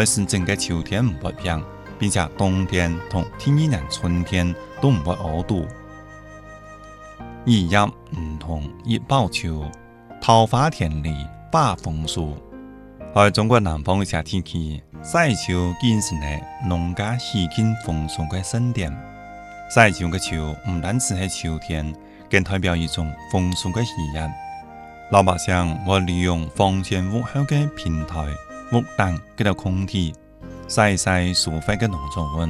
喺深圳嘅秋天唔會冰，並且冬天同第二年春天都唔會惡凍。一葉梧桐一報秋，稻花田裏話豐收。喺中國南方嘅天氣，晒秋變成咗農家喜慶豐收嘅盛典。晒秋嘅秋唔單止係秋天，更代表一種豐收嘅喜悅。老百姓會利用房前屋後嘅平台，屋頂等空地，曬一曬收穫嘅農作物，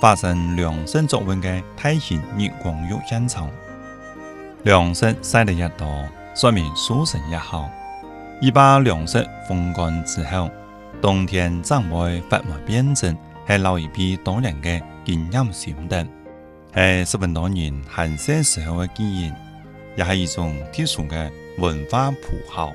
發生糧食作物嘅大型日光浴現場。糧食曬得越多，說明收成越好。而把糧食風乾之後，冬天才唔會發霉變質，係老一輩多年嘅經驗心得，係十分多年閒暇時候嘅經驗，也係一種特殊嘅文化符號。